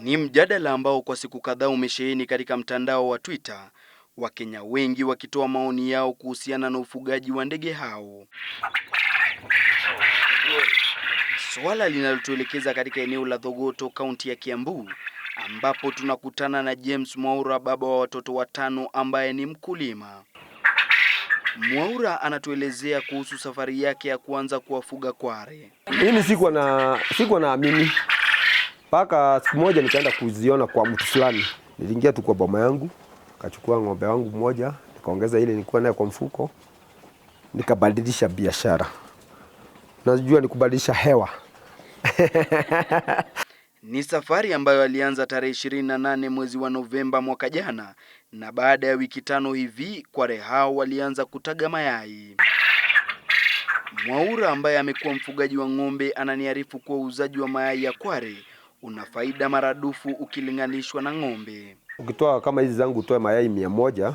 Ni mjadala ambao kwa siku kadhaa umesheheni katika mtandao wa Twitter, Wakenya wengi wakitoa maoni yao kuhusiana na ufugaji wa ndege hao, swala linalotuelekeza katika eneo la dhogoto kaunti ya Kiambu, ambapo tunakutana na James Mwaura, baba wa watoto watano, ambaye ni mkulima. Mwaura anatuelezea kuhusu safari yake ya kuanza kuwafuga kware. Mimi sikuwa na sikuwa naamini mpaka siku moja nikaenda kuziona kwa mtu fulani. Niliingia tu kwa boma yangu, kachukua ng'ombe wangu mmoja, nikaongeza ile nilikuwa nayo kwa mfuko, nikabadilisha biashara. Najua ni kubadilisha hewa Ni safari ambayo alianza tarehe 28 mwezi wa Novemba mwaka jana, na baada ya wiki tano hivi kware hao walianza kutaga mayai. Mwaura ambaye amekuwa mfugaji wa ng'ombe ananiarifu kuwa uuzaji wa mayai ya kware una faida maradufu ukilinganishwa na ng'ombe. Ukitoa kama hizi zangu utoe mayai mia moja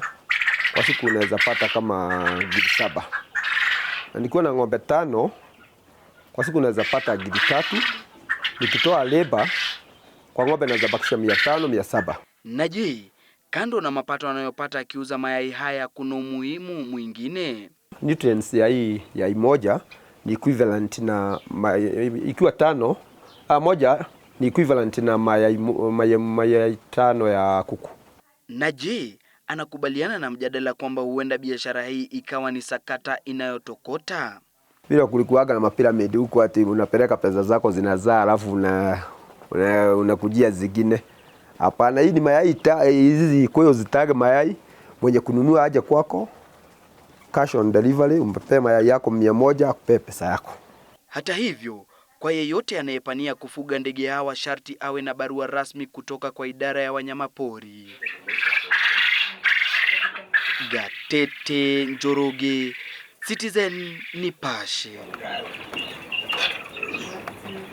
kwa siku unaweza pata kama gidi saba, na nikiwa na ng'ombe tano kwa siku unaweza pata gidi tatu nikitoa leba kwa ng'ombe naweza bakisha mia tano mia saba. Na je, kando na mapato anayopata akiuza mayai haya kuna umuhimu mwingine? Nutrients ya hii yai moja ni equivalent na ikiwa tano a moja ni equivalent na mayai ah, mayai mayai tano ya kuku. Na je, anakubaliana na mjadala kwamba huenda biashara hii ikawa ni sakata inayotokota? bila kulikuaga na mapiramidi huko, ati unapeleka pesa zako zinazaa, alafu unakujia una, zingine. Hapana, hii ni mayai hizi kwao, zitage mayai, mwenye kununua aje kwako, cash on delivery, umpe mayai yako mia moja, pesa yako. Hata hivyo kwa yeyote anayepania kufuga ndege hawa sharti awe na barua rasmi kutoka kwa idara ya wanyamapori. Gatete Njoroge, Citizen Nipashe.